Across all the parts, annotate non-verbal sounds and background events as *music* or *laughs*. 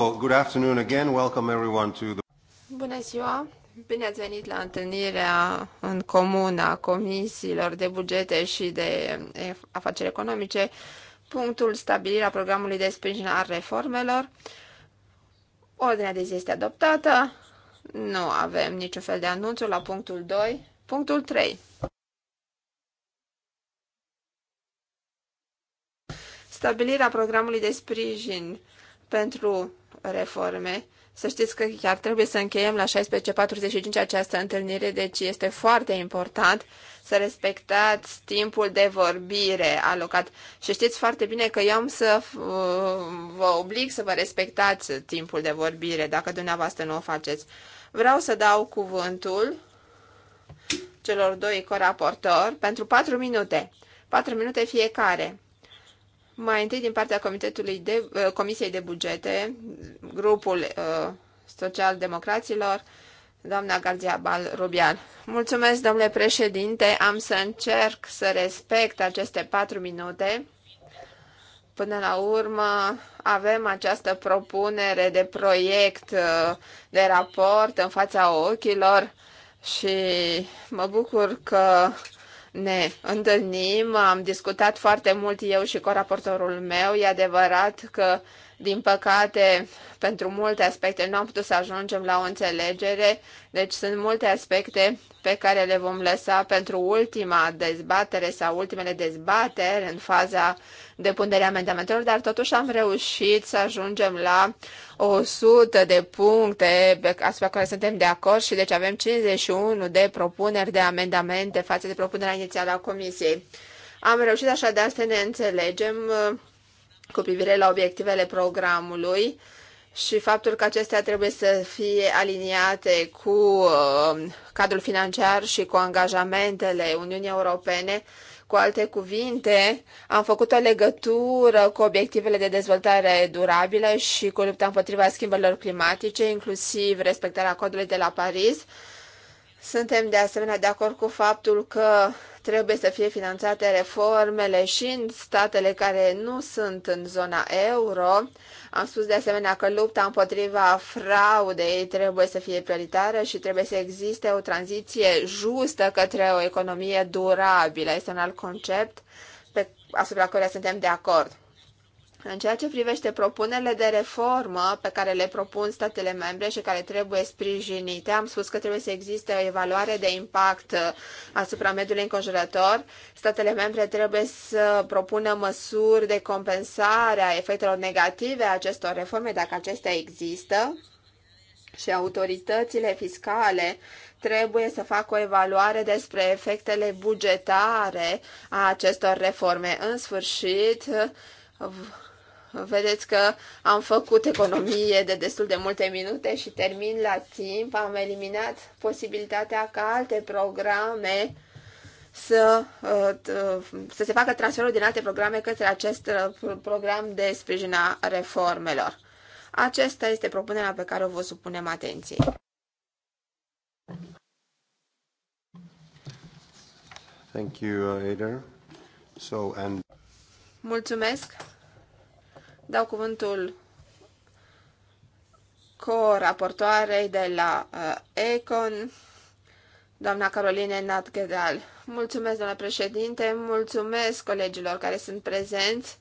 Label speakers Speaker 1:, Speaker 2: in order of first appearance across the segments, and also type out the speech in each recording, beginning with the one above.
Speaker 1: Good afternoon again. Welcome everyone to the... Bună ziua! Bine ați venit la întâlnirea în comun a comisiilor de bugete și de afaceri economice, punctul stabilirea programului de sprijin al reformelor. Ordinea de zi este adoptată. Nu avem niciun fel de anunțuri la punctul 2. Punctul 3. Stabilirea programului de sprijin pentru reforme. Să știți că chiar trebuie să încheiem la 16.45 această întâlnire, deci este foarte important să respectați timpul de vorbire alocat. Și știți foarte bine că eu am să uh, vă oblig să vă respectați timpul de vorbire, dacă dumneavoastră nu o faceți. Vreau să dau cuvântul celor doi coraportori pentru 4 minute. 4 minute fiecare. Mai întâi din partea Comitetului de, uh, Comisiei de Bugete, grupul uh, social-democraților, doamna Garzia Bal Rubian. Mulțumesc, domnule președinte, am să încerc să respect aceste patru minute. Până la urmă avem această propunere de proiect uh, de raport în fața ochilor și mă bucur că ne întâlnim, am discutat foarte mult eu și coraportorul meu. E adevărat că din păcate, pentru multe aspecte nu am putut să ajungem la o înțelegere, deci sunt multe aspecte pe care le vom lăsa pentru ultima dezbatere sau ultimele dezbateri în faza depunerii amendamentelor, dar totuși am reușit să ajungem la 100 de puncte asupra care suntem de acord și deci avem 51 de propuneri de amendamente față de propunerea inițială a Comisiei. Am reușit așadar să ne înțelegem cu privire la obiectivele programului și faptul că acestea trebuie să fie aliniate cu uh, cadrul financiar și cu angajamentele Uniunii Europene. Cu alte cuvinte, am făcut o legătură cu obiectivele de dezvoltare durabilă și cu lupta împotriva schimbărilor climatice, inclusiv respectarea codului de la Paris. Suntem de asemenea de acord cu faptul că trebuie să fie finanțate reformele și în statele care nu sunt în zona euro. Am spus de asemenea că lupta împotriva fraudei trebuie să fie prioritară și trebuie să existe o tranziție justă către o economie durabilă. Este un alt concept pe, asupra căruia suntem de acord. În ceea ce privește propunerile de reformă pe care le propun statele membre și care trebuie sprijinite, am spus că trebuie să existe o evaluare de impact uh, asupra mediului înconjurător. Statele membre trebuie să propună măsuri de compensare a efectelor negative a acestor reforme, dacă acestea există, și autoritățile fiscale trebuie să facă o evaluare despre efectele bugetare a acestor reforme. În sfârșit, Vedeți că am făcut economie de destul de multe minute și termin la timp. Am eliminat posibilitatea ca alte programe să, uh, să se facă transferul din alte programe către acest uh, program de sprijin a reformelor. Aceasta este propunerea pe care o vă supunem atenției. Thank you, Ader. Uh, so, and... Mulțumesc! Dau cuvântul co-raportoarei de la uh, Econ, doamna Caroline Natgedal. Mulțumesc, doamna președinte, mulțumesc colegilor care sunt prezenți.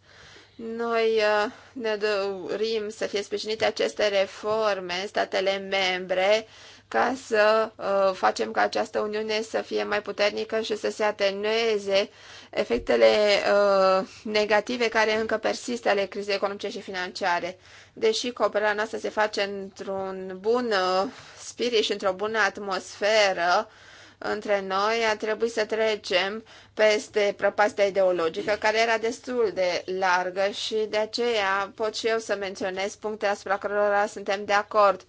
Speaker 1: Noi uh, ne dorim să fie sprijinite aceste reforme în statele membre ca să uh, facem ca această uniune să fie mai puternică și să se atenueze efectele uh, negative care încă persistă ale crizei economice și financiare. Deși cooperarea noastră se face într-un bun uh, spirit și într-o bună atmosferă, între noi a trebuit să trecem peste prăpastia ideologică, care era destul de largă și de aceea pot și eu să menționez puncte asupra cărora suntem de acord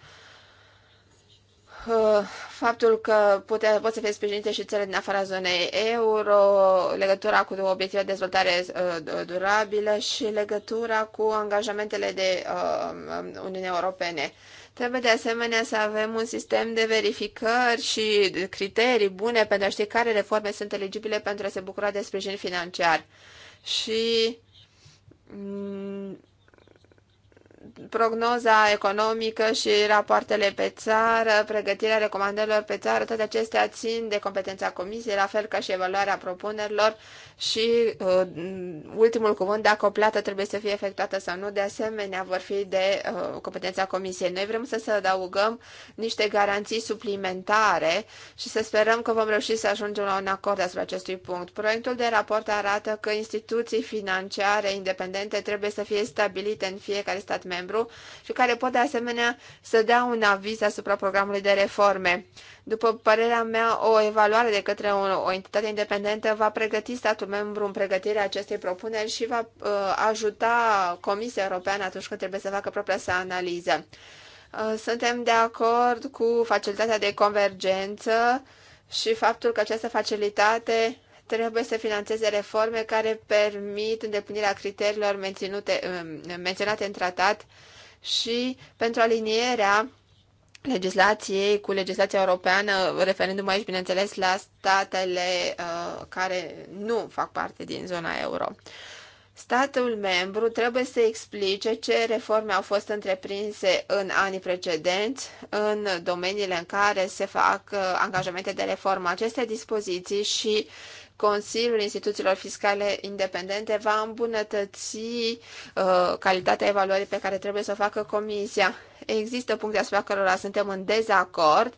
Speaker 1: Uh, faptul că putea, pot să fie sprijinite și țările din afara zonei euro, legătura cu obiectivele de dezvoltare uh, durabilă și legătura cu angajamentele de uh, Uniunea Europene. Trebuie de asemenea să avem un sistem de verificări și criterii bune pentru a ști care reforme sunt eligibile pentru a se bucura de sprijin financiar. Și mm, prognoza economică și rapoartele pe țară, pregătirea recomandărilor pe țară, toate acestea țin de competența comisiei, la fel ca și evaluarea propunerilor și uh, ultimul cuvânt, dacă o plată trebuie să fie efectuată sau nu, de asemenea vor fi de uh, competența comisiei. Noi vrem să să adăugăm niște garanții suplimentare și să sperăm că vom reuși să ajungem la un acord asupra acestui punct. Proiectul de raport arată că instituții financiare independente trebuie să fie stabilite în fiecare stat membru și care pot de asemenea să dea un aviz asupra programului de reforme. După părerea mea, o evaluare de către o, o entitate independentă va pregăti statul membru în pregătirea acestei propuneri și va uh, ajuta Comisia Europeană atunci când trebuie să facă propria sa analiză. Uh, suntem de acord cu facilitatea de convergență și faptul că această facilitate trebuie să financeze reforme care permit îndeplinirea criteriilor menținute uh, menționate în tratat și pentru alinierea legislației cu legislația europeană, referindu-mă aici, bineînțeles, la statele uh, care nu fac parte din zona euro. Statul membru trebuie să explice ce reforme au fost întreprinse în anii precedenți în domeniile în care se fac uh, angajamente de reformă. Aceste dispoziții și Consiliul Instituțiilor Fiscale Independente va îmbunătăți uh, calitatea evaluării pe care trebuie să o facă Comisia. Există puncte asupra cărora suntem în dezacord,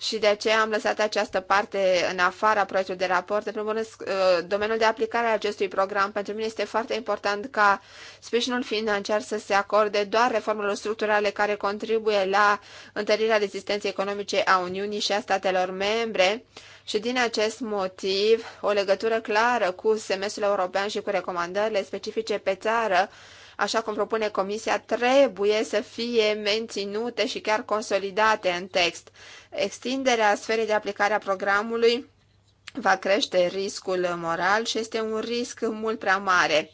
Speaker 1: și de aceea am lăsat această parte în afara proiectului de raport. În primul rând, uh, domeniul de aplicare a acestui program pentru mine este foarte important ca sprijinul financiar să se acorde doar reformelor structurale care contribuie la întărirea rezistenței economice a Uniunii și a statelor membre și din acest motiv o legătură clară cu semestrul european și cu recomandările specifice pe țară așa cum propune Comisia, trebuie să fie menținute și chiar consolidate în text. Extinderea sferei de aplicare a programului va crește riscul moral și este un risc mult prea mare.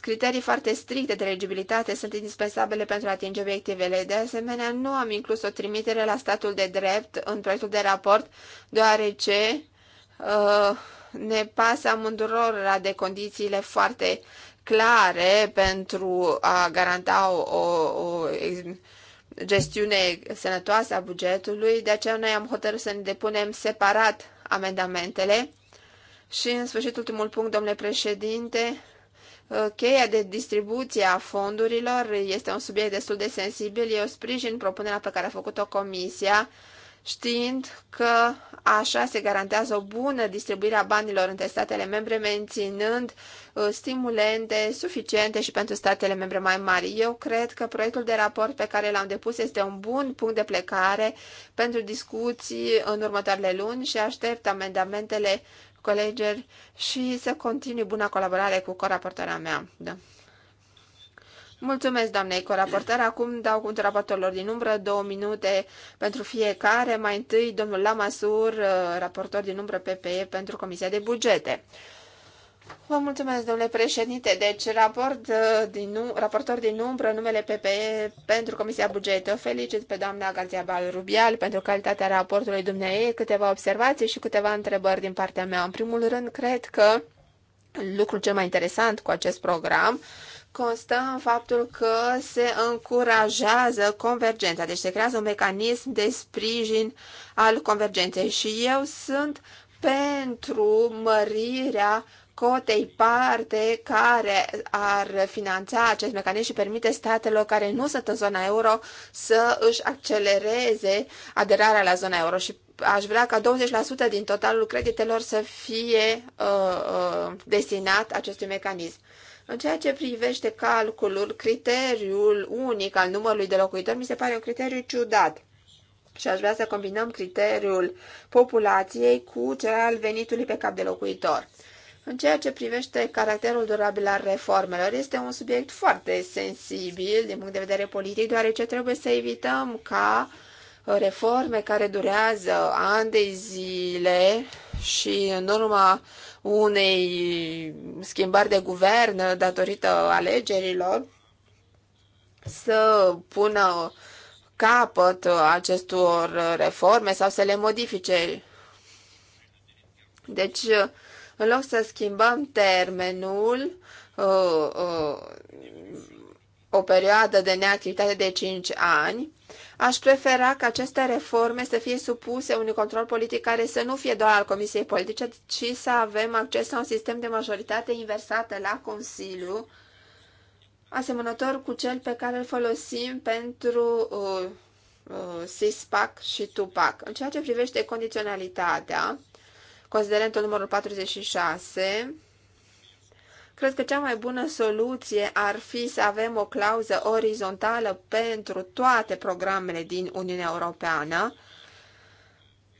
Speaker 1: Criterii foarte stricte de legibilitate sunt indispensabile pentru a atinge obiectivele. De asemenea, nu am inclus o trimitere la statul de drept în proiectul de raport, deoarece uh, ne pasă amândurora de condițiile foarte clare pentru a garanta o, o, o gestiune sănătoasă a bugetului, de aceea noi am hotărât să ne depunem separat amendamentele. Și în sfârșit, ultimul punct, domnule președinte, cheia de distribuție a fondurilor este un subiect destul de sensibil. Eu sprijin propunerea pe care a făcut-o comisia știind că așa se garantează o bună distribuire a banilor între statele membre, menținând uh, stimulente suficiente și pentru statele membre mai mari. Eu cred că proiectul de raport pe care l-am depus este un bun punct de plecare pentru discuții în următoarele luni și aștept amendamentele colegeri și să continui buna colaborare cu coraportarea mea, da. Mulțumesc, doamnei coraportor. Acum dau cuvântul raportorilor din umbră, două minute pentru fiecare. Mai întâi, domnul Lamasur, uh, raportor din umbră PPE pentru Comisia de Bugete. Vă mulțumesc, domnule președinte. Deci, raport uh, din, raportor din umbră, numele PPE pentru Comisia Bugete. O felicit pe doamna Garția Rubial pentru calitatea raportului dumneei, câteva observații și câteva întrebări din partea mea. În primul rând, cred că lucrul cel mai interesant cu acest program constă în faptul că se încurajează convergența, deci se creează un mecanism de sprijin al convergenței și eu sunt pentru mărirea cotei parte care ar finanța acest mecanism și permite statelor care nu sunt în zona euro să își accelereze aderarea la zona euro și aș vrea ca 20% din totalul creditelor să fie uh, uh, destinat acestui mecanism. În ceea ce privește calculul, criteriul unic al numărului de locuitori mi se pare un criteriu ciudat. Și aș vrea să combinăm criteriul populației cu cel al venitului pe cap de locuitor. În ceea ce privește caracterul durabil al reformelor, este un subiect foarte sensibil din punct de vedere politic, deoarece trebuie să evităm ca reforme care durează ani de zile și în urma unei schimbări de guvern datorită alegerilor, să pună capăt acestor reforme sau să le modifice. Deci, în loc să schimbăm termenul, uh, uh, o perioadă de neactivitate de 5 ani, Aș prefera ca aceste reforme să fie supuse unui control politic care să nu fie doar al Comisiei Politice, ci să avem acces la un sistem de majoritate inversată la Consiliu, asemănător cu cel pe care îl folosim pentru uh, uh, SISPAC și TUPAC. În ceea ce privește condiționalitatea, considerentul numărul 46, Cred că cea mai bună soluție ar fi să avem o clauză orizontală pentru toate programele din Uniunea Europeană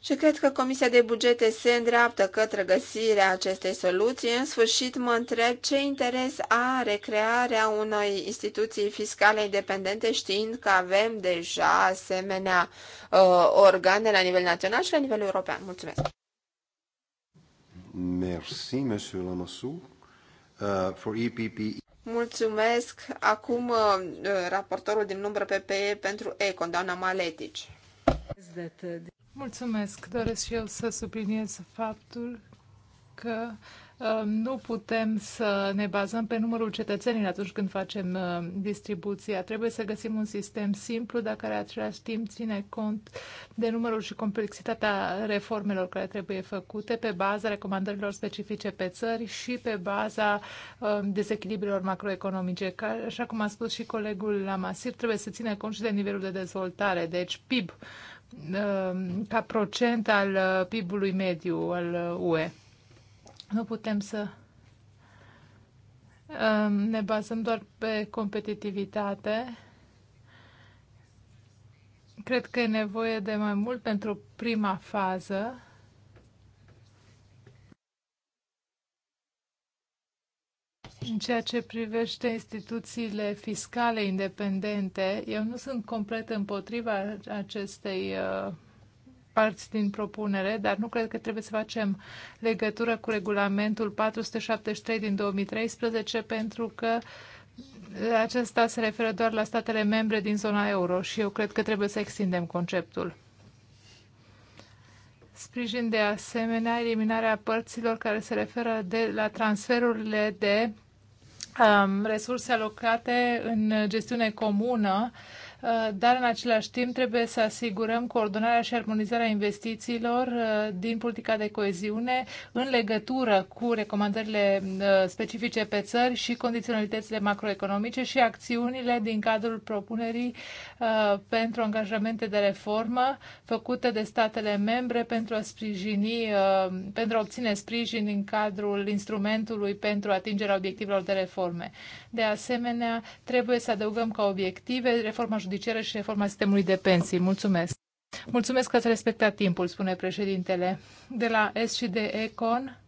Speaker 1: și cred că Comisia de Bugete se îndreaptă către găsirea acestei soluții. În sfârșit, mă întreb ce interes are crearea unei instituții fiscale independente știind că avem deja asemenea uh, organe la nivel național și la nivel european. Mulțumesc! Merci, monsieur Lamassou. Uh, for EPP. Mulțumesc. Acum uh, raportorul din umbră PPE pentru Econ, doamna Maletici.
Speaker 2: Mulțumesc. Doresc și eu să subliniez faptul că Ehm, nu putem să ne bazăm pe numărul cetățenilor atunci când facem ehm, distribuția. Trebuie să găsim un sistem simplu, dar care același timp ține cont de numărul și complexitatea reformelor care trebuie făcute pe baza recomandărilor specifice pe țări și pe baza ehm, dezechilibrilor macroeconomice. Așa cum a spus și colegul Lamasir, trebuie să ține cont și de nivelul de dezvoltare, deci PIB ca procent al PIB-ului mediu al UE. Nu putem să um, ne bazăm doar pe competitivitate. Cred că e nevoie de mai mult pentru prima fază. În ceea ce privește instituțiile fiscale independente, eu nu sunt complet împotriva acestei uh, parți din propunere, dar nu cred că trebuie să facem legătură cu regulamentul 473 din 2013 pentru că acesta se referă doar la statele membre din zona euro și eu cred că trebuie să extindem conceptul. Sprijin de asemenea eliminarea părților care se referă de, la transferurile de um, resurse alocate în gestiune comună Uh, dar în același timp trebuie să asigurăm coordonarea și armonizarea investițiilor uh, din politica de coeziune în legătură cu recomandările uh, specifice pe țări și condiționalitățile macroeconomice și acțiunile din cadrul propunerii pentru angajamente de reformă făcute de statele membre pentru a sprijini, pentru a obține sprijin în cadrul instrumentului pentru atingerea obiectivelor de reforme. De asemenea, trebuie să adăugăm ca obiective reforma judiciară judiciară și reforma sistemului de pensii. Mulțumesc! Mulțumesc că ați respectat timpul, spune președintele. De la S și de Econ,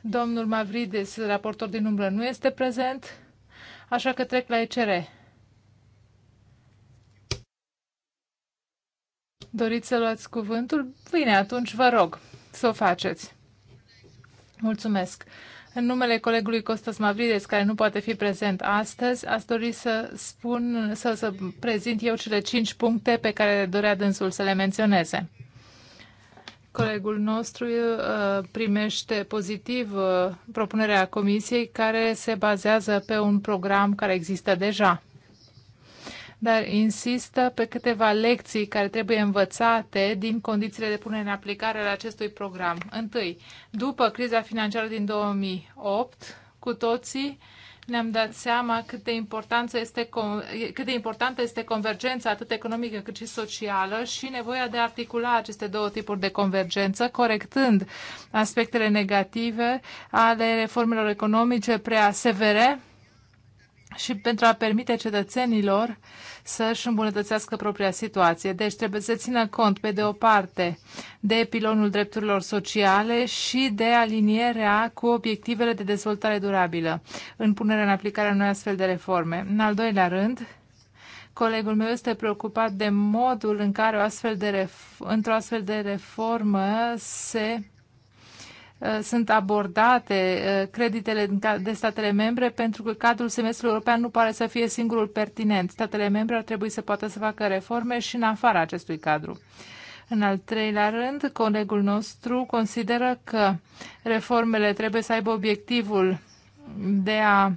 Speaker 2: domnul Mavrides, raportor din umbră, nu este prezent, așa că trec la ECR. Doriți să luați cuvântul? Bine, atunci vă rog să o faceți. Mulțumesc. În numele colegului Costas Mavrides, care nu poate fi prezent astăzi, aș dori să spun, să, să prezint eu cele cinci puncte pe care dorea dânsul să le menționeze. Colegul nostru uh, primește pozitiv uh, propunerea comisiei care se bazează pe un program care există deja dar insistă pe câteva lecții care trebuie învățate din condițiile de punere în aplicare ale acestui program. Întâi, după criza financiară din 2008, cu toții ne-am dat seama cât de, importanță este, cât de importantă este convergența atât economică cât și socială și nevoia de a articula aceste două tipuri de convergență, corectând aspectele negative ale reformelor economice prea severe și pentru a permite cetățenilor să își îmbunătățească propria situație. Deci trebuie să țină cont, pe de o parte, de pilonul drepturilor sociale și de alinierea cu obiectivele de dezvoltare durabilă în punerea în aplicare a noi astfel de reforme. În al doilea rând, Colegul meu este preocupat de modul în care o astfel de într-o astfel de reformă se Uh, sunt abordate uh, creditele de statele membre pentru că cadrul semestrului european nu pare să fie singurul pertinent. Statele membre ar trebui să poată să facă reforme și în afara acestui cadru. În al treilea rând, colegul nostru consideră că reformele trebuie să aibă obiectivul de a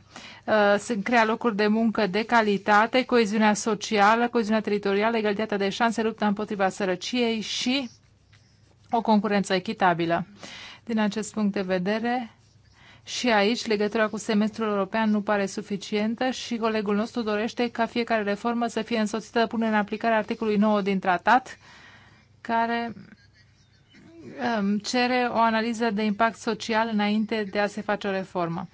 Speaker 2: uh, crea locuri de muncă de calitate, coeziunea socială, coeziunea teritorială, egalitatea de șanse, lupta împotriva sărăciei și o concurență echitabilă. Uh, din acest punct de vedere, și aici legătura cu semestrul european nu pare suficientă și colegul nostru dorește ca fiecare reformă să fie însoțită până în aplicare articolului 9 din tratat, care um, cere o analiză de impact social înainte de a se face o reformă.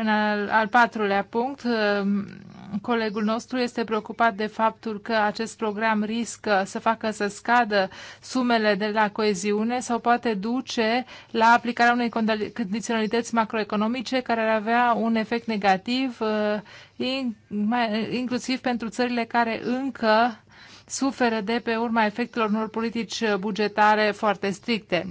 Speaker 2: În al, al patrulea punct, uh, colegul nostru este preocupat de faptul că acest program riscă să facă să scadă sumele de la coeziune sau poate duce la aplicarea unei condiționalități macroeconomice care ar avea un efect negativ, uh, inclusiv pentru țările care încă suferă de pe urma efectelor unor politici bugetare foarte stricte.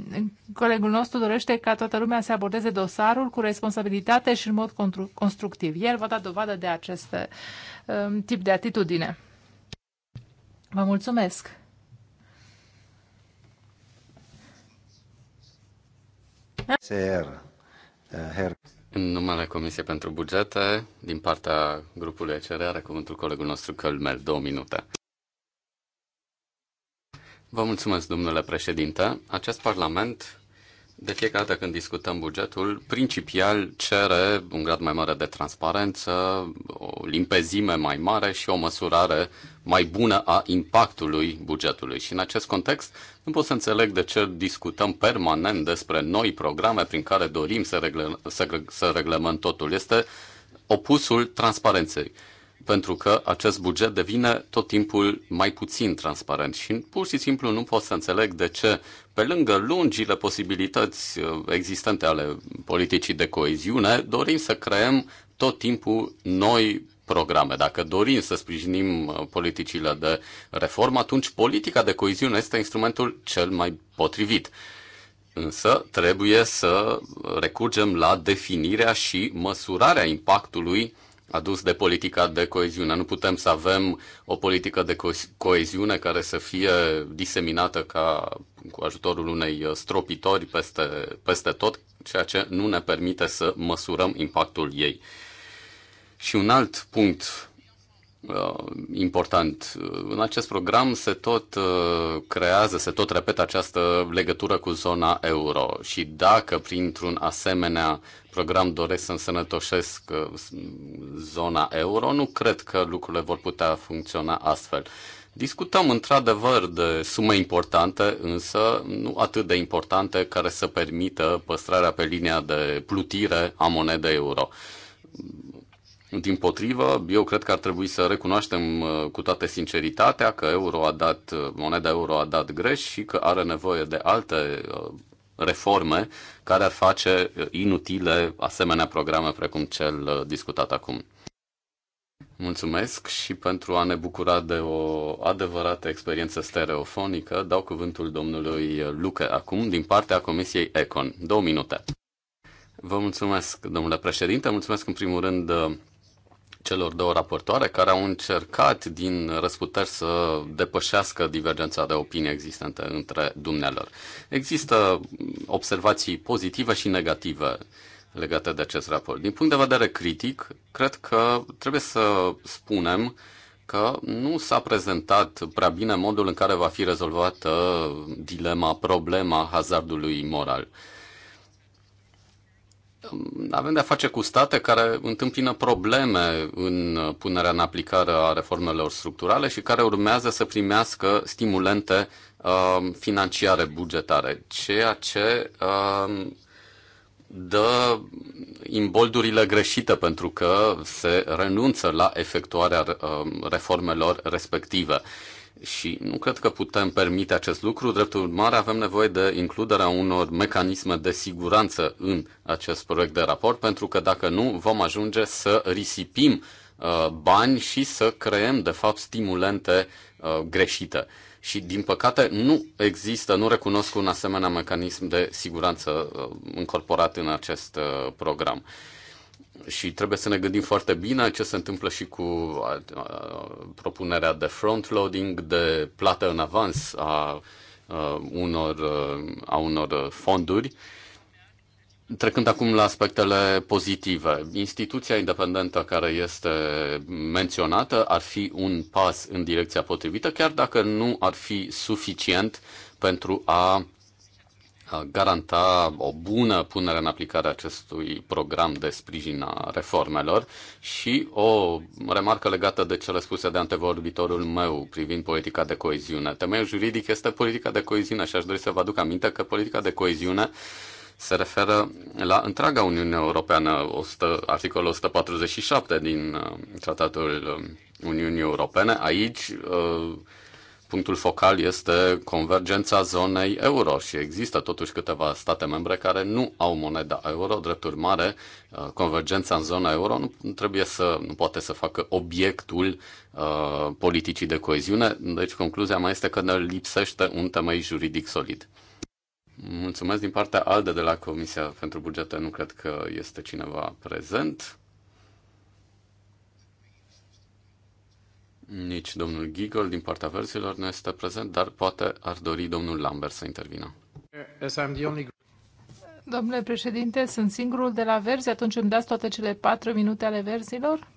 Speaker 2: Colegul nostru dorește ca toată lumea să abordeze dosarul cu responsabilitate și în mod constructiv. El va da dovadă de acest um, tip de atitudine. Vă mulțumesc!
Speaker 3: Uh, her. În numele Comisiei pentru Bugete, din partea grupului ECR, are cuvântul colegul nostru Călmel, două minute. Vă mulțumesc, domnule președinte. Acest parlament, de fiecare dată când discutăm bugetul, principial cere un grad mai mare de transparență, o limpezime mai mare și o măsurare mai bună a impactului bugetului. Și în acest context, nu pot să înțeleg de ce discutăm permanent despre noi programe prin care dorim să, regle, să, să reglementăm totul. Este opusul transparenței pentru că acest buget devine tot timpul mai puțin transparent și pur și simplu nu pot să înțeleg de ce, pe lângă lungile posibilități uh, existente ale politicii de coeziune, dorim să creăm tot timpul noi programe. Dacă dorim să sprijinim uh, politicile de reformă, atunci politica de coeziune este instrumentul cel mai potrivit. Însă trebuie să recurgem la definirea și măsurarea impactului uh, adus de politica de coeziune. Nu putem să avem o politică de co- coeziune care să fie diseminată ca cu ajutorul unei uh, stropitori peste, peste tot, ceea ce nu ne permite să măsurăm impactul ei. Și un alt punct Uh, important. Uh, în acest program se tot uh, creează, se tot repetă această legătură cu zona euro și dacă printr-un asemenea program doresc să însănătoșesc zona euro, nu cred că lucrurile vor putea funcționa astfel. Discutăm într-adevăr de sume importante, însă nu atât de importante care să permită păstrarea pe linia de plutire a monedei euro din potrivă, eu cred că ar trebui să recunoaștem uh, cu toată sinceritatea că euro a dat, uh, moneda euro a dat greș și că are nevoie de alte uh, reforme care ar face inutile asemenea programe precum cel discutat acum. Mulțumesc și pentru a ne bucura de o adevărată experiență stereofonică, dau cuvântul domnului Luca acum din partea Comisiei Econ. Două minute. Vă mulțumesc, domnule președinte, mulțumesc în primul rând celor două raportoare care au încercat din răsputeri să depășească divergența de opinie existentă între dumnealor. Există observații pozitive și negative legate de acest raport. Din punct de vedere critic, cred că trebuie să spunem că nu s-a prezentat prea bine modul în care va fi rezolvată dilema, problema hazardului moral avem de-a face cu state care întâmpină probleme în punerea în aplicare a reformelor structurale și care urmează să primească stimulente uh, financiare bugetare, ceea ce uh, dă imboldurile greșite pentru că se renunță la efectuarea uh, reformelor respective. Și nu cred că putem permite acest lucru. Drept urmare, avem nevoie de includerea unor mecanisme de siguranță în acest proiect de raport, pentru că dacă nu, vom ajunge să risipim uh, bani și să creăm, de fapt, stimulente uh, greșite și, din păcate, nu există, nu recunosc un asemenea mecanism de siguranță uh, încorporat în acest uh, program. Și trebuie să ne gândim foarte bine ce se întâmplă și cu uh, propunerea de front-loading, de plată în avans a unor, a unor fonduri Trecând acum la aspectele pozitive, instituția independentă care este menționată ar fi un pas în direcția potrivită, chiar dacă nu ar fi suficient pentru a garanta o bună punere în aplicare a acestui program de sprijin a reformelor și o remarcă legată de cele spuse de antevorbitorul meu privind politica de coeziune. Temeiul juridic este politica de coeziune și aș dori să vă aduc aminte că politica de coeziune se referă la întreaga Uniune Europeană, 100, articolul 147 din uh, Tratatul uh, Uniunii Europene. Aici uh, punctul focal este convergența zonei euro și există totuși câteva state membre care nu au moneda euro, drept urmare, convergența în zona euro nu trebuie să, nu poate să facă obiectul uh, politicii de coeziune, deci concluzia mai este că ne lipsește un temei juridic solid. Mulțumesc din partea ALDE de la Comisia pentru Bugete. Nu cred că este cineva prezent. Nici domnul Gigol din partea versiilor nu este prezent, dar poate ar dori domnul Lambert să intervină.
Speaker 2: Domnule președinte, sunt singurul de la verzi, atunci îmi dați toate cele patru minute ale verzilor?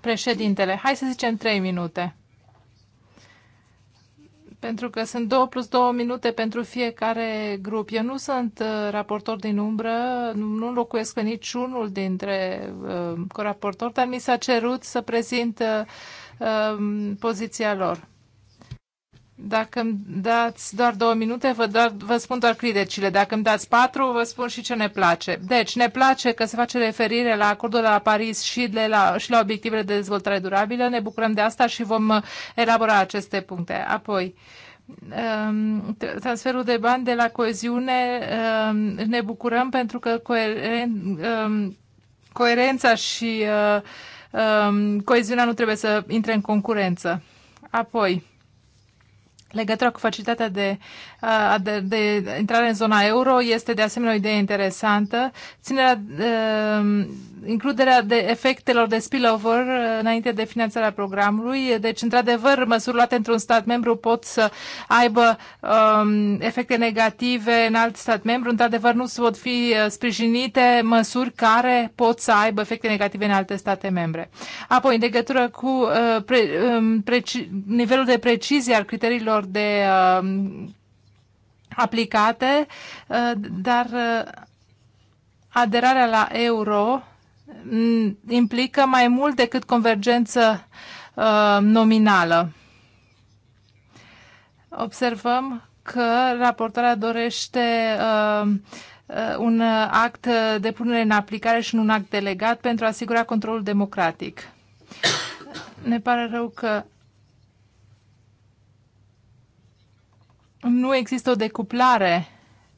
Speaker 2: Președintele, hai să zicem trei minute pentru că sunt 2 plus 2 minute pentru fiecare grup. Eu nu sunt uh, raportor din umbră, nu locuiesc pe niciunul dintre uh, coraportori, dar mi s-a cerut să prezint uh, uh poziția lor. Dacă îmi dați doar două minute, vă, doar, vă spun doar cridecile. Dacă îmi dați patru, vă spun și ce ne place. Deci, ne place că se face referire la acordul de la Paris și, de la, și la obiectivele de dezvoltare durabilă. Ne bucurăm de asta și vom elabora aceste puncte. Apoi, um, transferul de bani de la coeziune, um, ne bucurăm pentru că coeren, um, coerența și uh, coeziunea nu trebuie să intre în concurență. Apoi, legătura cu facilitatea de de, de intrare în zona euro este de asemenea o idee interesantă. Ținerea, uh, includerea de efectelor de spillover uh, înainte de finanțarea programului. Deci, într-adevăr, măsuri luate într-un stat membru pot să aibă um, efecte negative în alt stat membru. Într-adevăr, nu se pot fi uh, sprijinite măsuri care pot să aibă efecte negative în alte state membre. Apoi, în legătură cu uh, pre, um, preci, nivelul de precizie al criteriilor de uh, aplicate, uh, dar uh, aderarea la euro mm, implică mai mult decât convergență uh, nominală. Observăm că raportarea dorește un act de punere în aplicare și un act delegat pentru a asigura controlul democratic. Ne pare rău că nu există o decuplare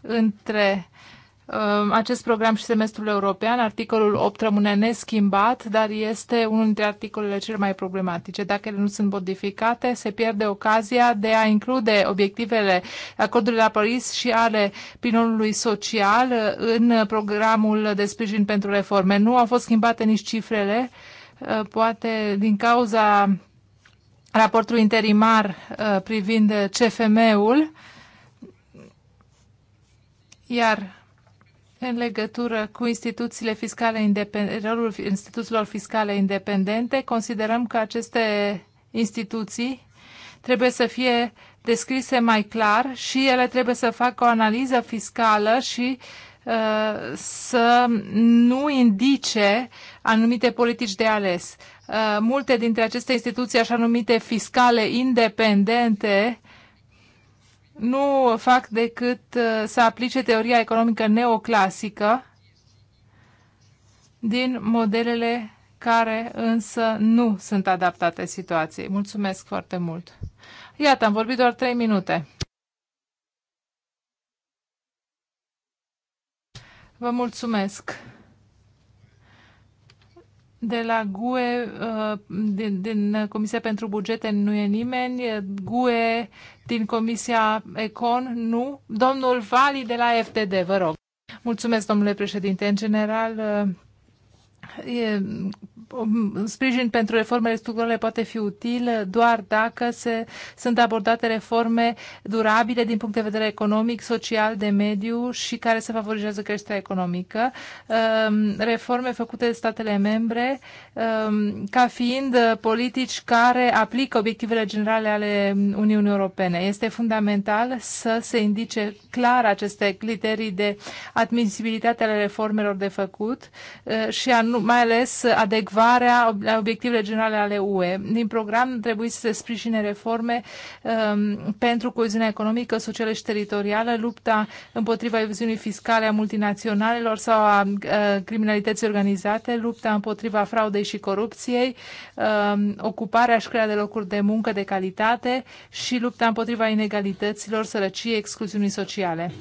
Speaker 2: între uh, acest program și semestrul european. Articolul 8 rămâne neschimbat, dar este unul dintre articolele cele mai problematice. Dacă ele nu sunt modificate, se pierde ocazia de a include obiectivele acordului la Paris și ale pilonului social în programul de sprijin pentru reforme. Nu au fost schimbate nici cifrele, uh, poate din cauza raportul interimar uh, privind CFM-ul, iar în legătură cu instituțiile fiscale rolul instituțiilor fiscale independente, considerăm că aceste instituții trebuie să fie descrise mai clar și ele trebuie să facă o analiză fiscală și uh, să nu indice anumite politici de ales. Uh, multe dintre aceste instituții așa numite fiscale independente nu fac decât uh, să aplice teoria economică neoclasică din modelele care însă nu sunt adaptate situației. Mulțumesc foarte mult! Iată, am vorbit doar trei minute. Vă mulțumesc! De la GUE, uh, din, din Comisia pentru Bugete nu e nimeni, GUE din Comisia Econ nu. Domnul Vali de la FTD, vă rog. Mulțumesc, domnule președinte. În general, uh, e, Um, sprijin pentru reformele structurale poate fi util doar dacă se, sunt abordate reforme durabile din punct de vedere economic, social, de mediu și care să favorizează creșterea economică. Um, reforme făcute de statele membre um, ca fiind politici care aplică obiectivele generale ale Uniunii Europene. Este fundamental să se indice clar aceste criterii de admisibilitate ale reformelor de făcut uh, și mai ales adecvat promovarea obiectivele generale ale UE. Din program trebuie să se sprijine reforme um, pentru coeziunea economică, socială și teritorială, lupta împotriva evaziunii fiscale a multinaționalelor sau a a uh, criminalității organizate, lupta împotriva fraudei și corupției, um, ocuparea și crearea de locuri de muncă de calitate și lupta împotriva inegalităților, sărăciei, excluziunii sociale.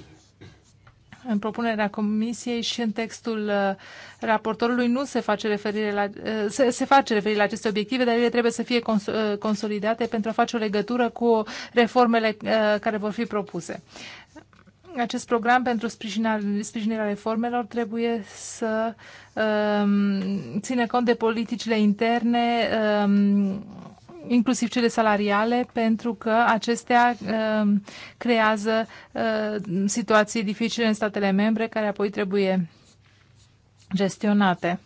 Speaker 2: În propunerea comisiei și în textul uh, raportorului nu se face referire la, uh, se, se face referire la aceste obiective, dar ele trebuie să fie cons, uh, consolidate pentru a face o legătură cu reformele care vor fi propuse. Acest program pentru sprijinirea reformelor trebuie să um, ține cont de politicile interne um, inclusiv cele salariale, pentru că acestea uh, creează uh, situații dificile în statele membre care apoi trebuie gestionate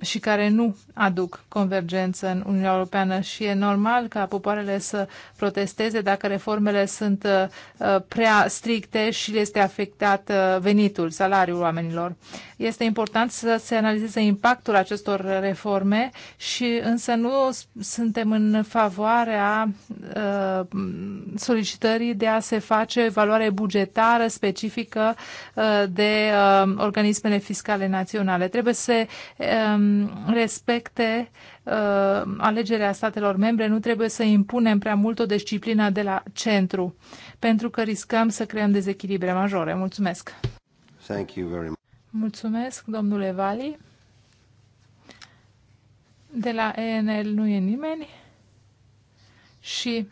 Speaker 2: și care nu aduc convergență în Uniunea Europeană și e normal ca popoarele să protesteze dacă reformele sunt uh, uh, prea stricte și le este afectat uh, venitul, salariul oamenilor. Este important să se analizeze impactul acestor reforme și însă nu suntem în favoarea solicitării de a se face evaluare bugetară specifică de organismele fiscale naționale. Trebuie să um, respecte uh, alegerea statelor membre. Nu trebuie să impunem prea mult o disciplină de la centru, pentru că riscăm să creăm dezechilibre majore. Mulțumesc!
Speaker 3: Thank you very much.
Speaker 2: Mulțumesc, domnule Vali. De la ENL nu e nimeni și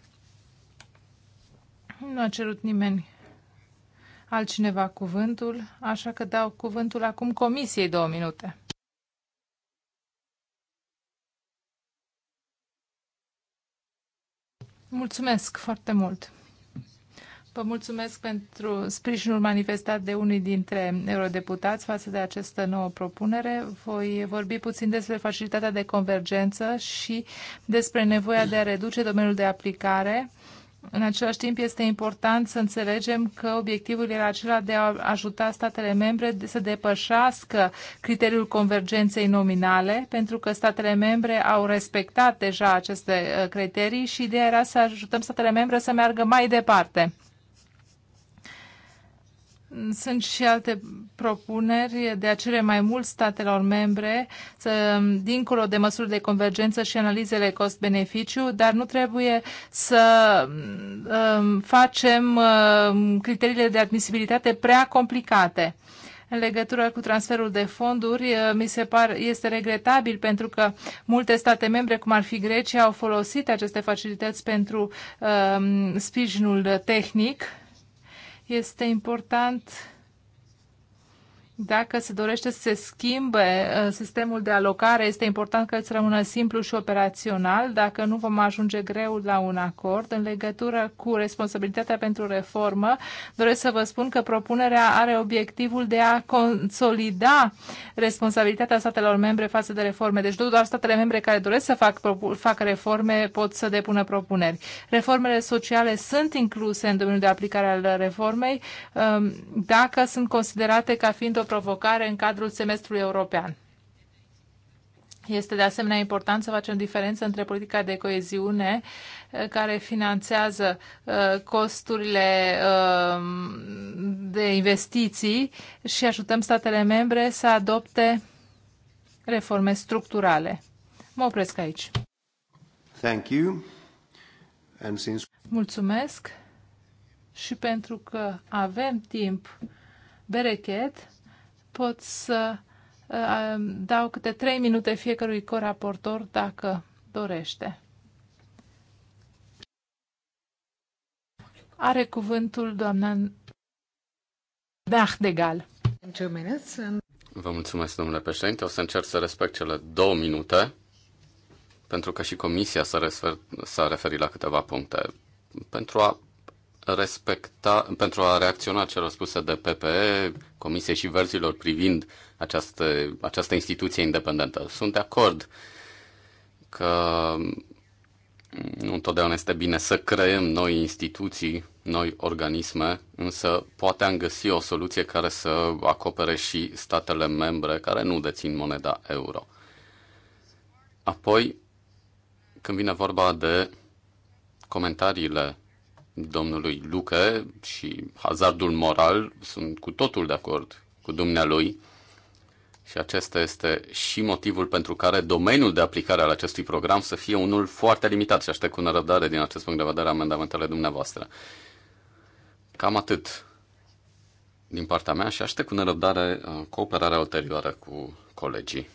Speaker 2: nu a cerut nimeni altcineva cuvântul, așa că dau cuvântul acum comisiei două minute. Mulțumesc foarte mult! Vă mulțumesc pentru sprijinul manifestat de unii dintre eurodeputați față de această nouă propunere. Voi vorbi puțin despre facilitatea de convergență și despre nevoia de a reduce domeniul de aplicare în același timp, este important să înțelegem că obiectivul era acela de a ajuta statele membre să depășească criteriul convergenței nominale, pentru că statele membre au respectat deja aceste uh, criterii și ideea era să ajutăm statele membre să meargă mai departe sunt și alte propuneri de a cere mai mult statelor membre, să, dincolo de măsuri de convergență și analizele cost-beneficiu, dar nu trebuie să um, facem um, criteriile de admisibilitate prea complicate. În legătură cu transferul de fonduri, uh, mi se par, este regretabil pentru că multe state membre, cum ar fi Grecia, au folosit aceste facilități pentru um, sprijinul tehnic este important dacă se dorește să se schimbe uh, sistemul de alocare, este important că îți rămână simplu și operațional. Dacă nu, vom ajunge greu la un acord. În legătură cu responsabilitatea pentru reformă, doresc să vă spun că propunerea are obiectivul de a consolida responsabilitatea statelor membre față de reforme. Deci nu doar statele membre care doresc să fac, fac reforme pot să depună propuneri. Reformele sociale sunt incluse în domeniul de aplicare al reformei um, dacă sunt considerate ca fiind provocare în cadrul semestrului european. Este de asemenea important să facem diferență între politica de coeziune eh, care finanțează eh, costurile eh, de investiții și ajutăm statele membre să adopte reforme structurale. Mă opresc aici.
Speaker 3: Thank you. And since...
Speaker 2: Mulțumesc și pentru că avem timp berechet, pot să uh, dau câte trei minute fiecărui coraportor dacă dorește. Are cuvântul doamna Dahdegal.
Speaker 3: Vă mulțumesc, domnule președinte. O să încerc să respect cele două minute, pentru că și comisia s-a, s-a referit la câteva puncte. Pentru a respecta, pentru a reacționa celor spuse de PPE, Comisiei și Verzilor privind această, această instituție independentă. Sunt de acord că nu întotdeauna este bine să creăm noi instituții, noi organisme, însă poate am găsi o soluție care să acopere și statele membre care nu dețin moneda euro. Apoi, când vine vorba de comentariile domnului Luca și hazardul moral, sunt cu totul de acord cu dumnealui. Și acesta este și motivul pentru care domeniul de aplicare al acestui program să fie unul foarte limitat și aștept cu nerăbdare din acest punct de vedere amendamentele dumneavoastră. Cam atât din partea mea și aștept cu nerăbdare uh, cooperarea ulterioară cu colegii.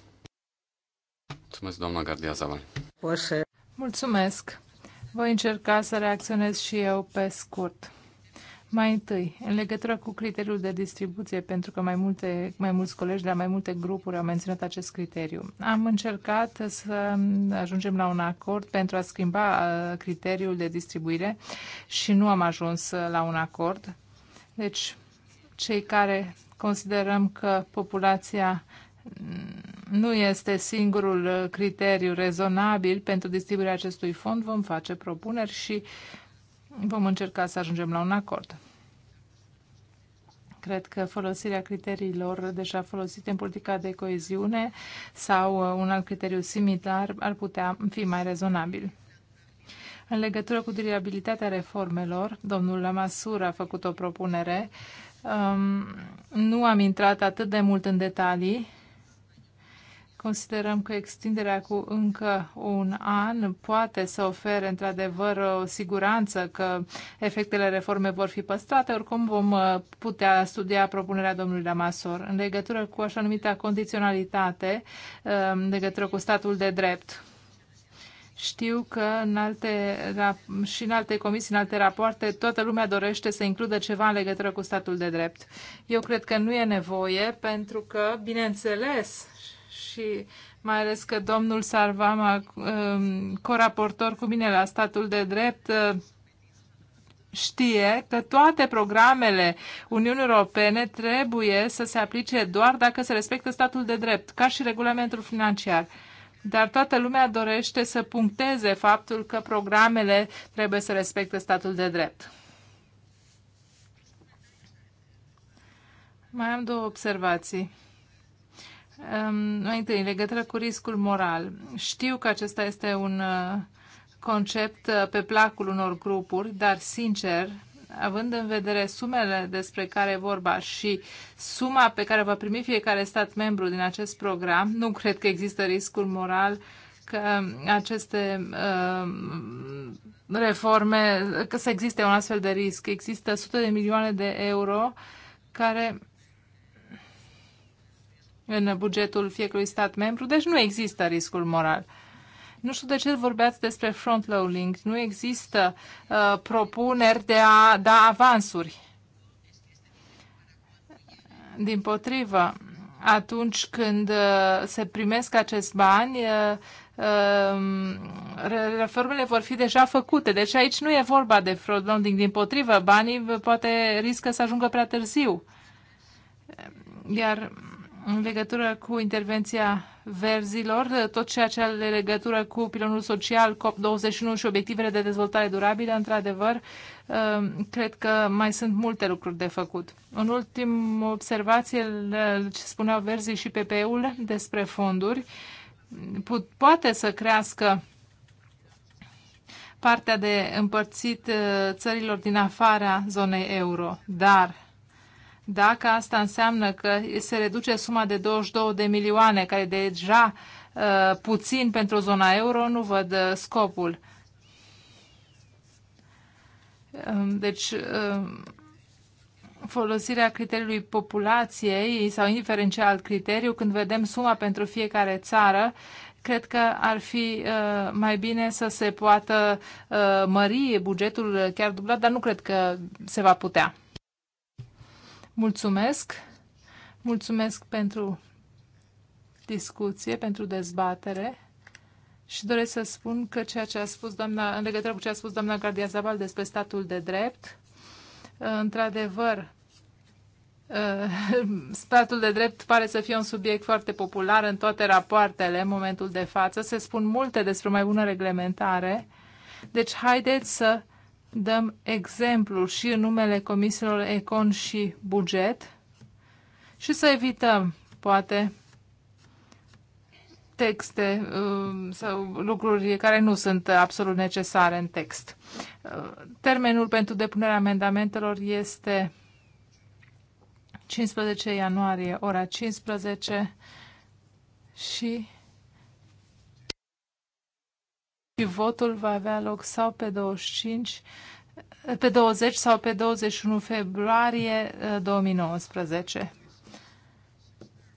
Speaker 3: Mulțumesc, doamna Gardia Zavan.
Speaker 2: Mulțumesc. Voi încerca să reacționez și eu pe scurt. Mai întâi, în legătură cu criteriul de distribuție, pentru că mai, multe, mai mulți colegi de la mai multe grupuri au menționat acest criteriu, am încercat să ajungem la un acord pentru a schimba uh, criteriul de distribuire și nu am ajuns uh, la un acord. Deci, cei care considerăm că populația nu este singurul uh, criteriu rezonabil pentru distribuirea acestui fond, vom face propuneri și vom încerca să ajungem la un acord. Cred că folosirea criteriilor deja folosite în politica de coeziune sau uh, un alt criteriu similar ar putea fi mai rezonabil. În legătură cu durabilitatea reformelor, domnul Lamasur a făcut o propunere. Um, nu am intrat atât de mult în detalii, Considerăm că extinderea cu încă un an poate să ofere într-adevăr o siguranță că efectele reforme vor fi păstrate. Oricum vom uh, putea studia propunerea domnului Damasor în legătură cu așa numita condiționalitate, um, în legătură cu statul de drept. Știu că în alte, și în alte comisii, în alte rapoarte, toată lumea dorește să includă ceva în legătură cu statul de drept. Eu cred că nu e nevoie pentru că, bineînțeles, și mai ales că domnul Sarvama, um, coraportor cu mine la statul de drept, uh, știe că toate programele Uniunii Europene trebuie să se aplice doar dacă se respectă statul de drept, ca și regulamentul financiar. Dar toată lumea dorește să puncteze faptul că programele trebuie să respecte statul de drept. Mai am două observații. Mai întâi, în legătură cu riscul moral. Știu că acesta este un uh, concept uh, pe placul unor grupuri, dar, sincer, având în vedere sumele despre care e vorba și suma pe care va primi fiecare stat membru din acest program, nu cred că există riscul moral că um, aceste uh, reforme, că să existe un astfel de risc. Există sute de milioane de euro care în bugetul fiecărui stat membru, deci nu există riscul moral. Nu știu de ce vorbeați despre front-loading. Nu există uh, propuneri de a da avansuri. Din potrivă, atunci când uh, se primesc acest bani, uh, um, reformele vor fi deja făcute. Deci aici nu e vorba de front-loading. Din potrivă, banii uh, poate riscă să ajungă prea târziu. Iar în legătură cu intervenția verzilor, tot ceea ce are legătură cu pilonul social, COP21 și obiectivele de dezvoltare durabilă, într-adevăr, um, cred că mai sunt multe lucruri de făcut. În ultim observație, ce spuneau verzii și PP-ul despre fonduri, poate să crească partea de împărțit uh, țărilor din afara zonei euro, dar dacă asta înseamnă că se reduce suma de 22 de milioane, care deja uh, puțin pentru zona euro, nu văd uh, scopul. Um, deci, um, folosirea criteriului populației sau indiferent ce alt criteriu, când vedem suma pentru fiecare țară, cred că ar fi uh, mai bine să se poată mări bugetul chiar dublat, dar nu cred că se va putea. Mulțumesc! Mulțumesc pentru discuție, pentru dezbatere și doresc să spun că ceea ce a spus doamna, în legătură cu ce a spus doamna Gardia Zabal despre statul de drept, uh, într-adevăr, uh, *laughs* statul de drept pare să fie un subiect foarte popular în toate rapoartele în momentul de față. Se spun multe despre mai bună reglementare. Deci, haideți să dăm exemplu și în numele comisiilor Econ și Buget și să evităm, poate, texte uh, sau lucruri care nu sunt absolut necesare în text. Uh, termenul pentru depunerea amendamentelor este 15 ianuarie, ora 15 și și votul va avea loc sau pe 25, pe 20 sau pe 21 februarie 2019. Uh,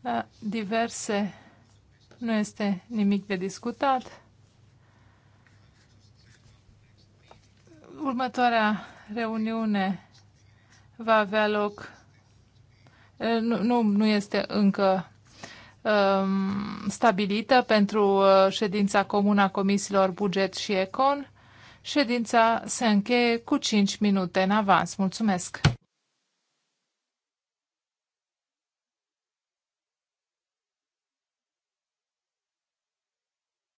Speaker 2: da, diverse nu este nimic de discutat. Următoarea reuniune va avea loc uh, nu, nu, nu este încă Um, stabilită pentru uh, ședința comună a comisiilor buget și econ. Ședința se încheie cu 5 minute în avans. Mulțumesc!